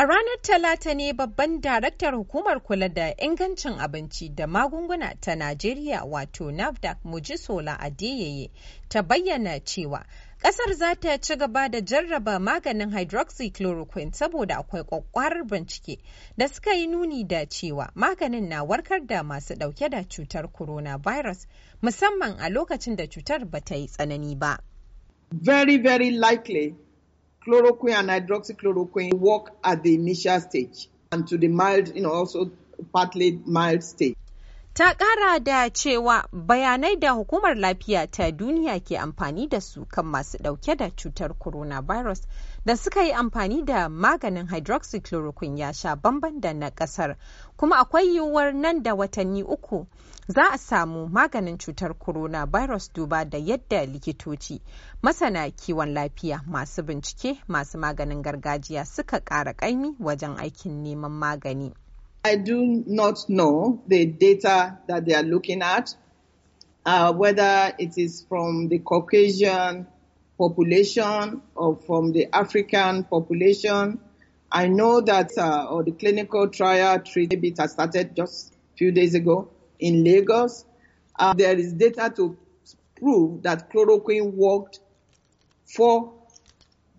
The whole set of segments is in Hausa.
A ranar Talata ne babban daraktar hukumar kula da ingancin abinci da magunguna ta Najeriya wato NAFDAC Mujisola Adeyeye ta bayyana cewa kasar za ta ci gaba da jarraba maganin hydroxychloroquine saboda akwai kwakwarar bincike da suka yi nuni da cewa maganin na warkar da masu ɗauke da cutar coronavirus musamman a lokacin da cutar ba ta yi tsanani ba. Very, very likely chloroquine and hydroxychloroquine work at the initial stage and to the mild, you know, also partly mild stage. ta ƙara da cewa bayanai da hukumar lafiya ta duniya ke amfani da su kan masu ɗauke da cutar coronavirus da suka yi amfani da maganin hydroxychloroquine ya sha bamban da na ƙasar kuma akwai yiwuwar nan da watanni uku za a samu maganin cutar coronavirus duba da yadda likitoci masana kiwon lafiya masu bincike masu maganin gargajiya suka ƙara ƙaimi wajen aikin neman magani. I do not know the data that they are looking at, uh, whether it is from the Caucasian population or from the African population. I know that uh, or the clinical trial treatment has started just a few days ago in Lagos. Uh, there is data to prove that chloroquine worked for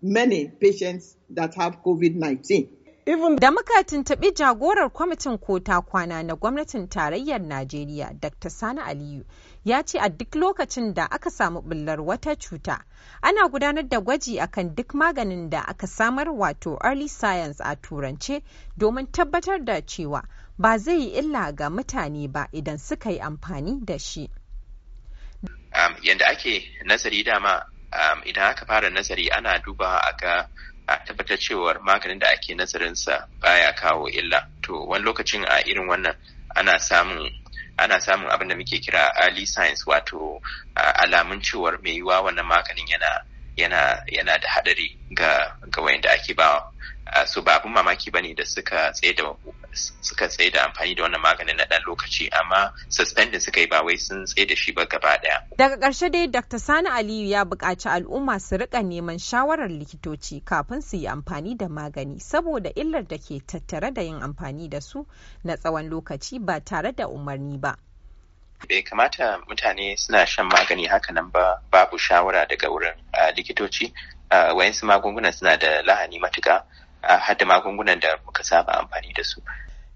many patients that have COVID-19. Da muka tuntuɓi jagorar kwamitin kota kwana na gwamnatin tarayyar Najeriya Dr. Sani Aliyu ya ce a duk lokacin da aka samu bullar wata cuta ana gudanar da gwaji akan duk maganin da aka samar wato early science a turance domin tabbatar da cewa ba zai yi illa ga mutane ba idan suka yi amfani da shi. Um, ake nazari dama um, idan aka fara nazari ana duba aka. a tabbatar cewar maganin da ake nazarinsa baya kawo illa to wani lokacin a irin wannan ana samun ana samun abin da muke kira early signs wato alamun cewar mai yiwuwa wannan maganin yana yana da hadari ga wayan da ake ba ah, su ba abin mamaki ba ne da suka tsaye da amfani da wannan maganin na dan lokaci amma suspending suka yi ba wai sun da shi ba gaba daya daga ƙarshe dai dr sani aliyu ya buƙaci al'umma su riƙa neman shawarar likitoci kafin su yi amfani da magani saboda illar da ke tattare da yin amfani da su na tsawon lokaci ba tare da umarni ba bai kamata mutane suna shan magani hakanan ba babu shawara daga wurin ah, likitoci ah, wayansu magungunan suna da lahani matuka ah, har da magungunan da muka saba amfani da su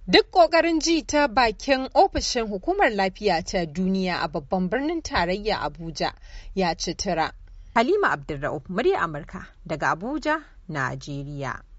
Duk ƙoƙarin ji ta bakin ofishin hukumar lafiya ta duniya a babban birnin tarayya Abuja ya ci tura. Halima Abdulra'uf, murya Amurka daga Abuja, Najeriya.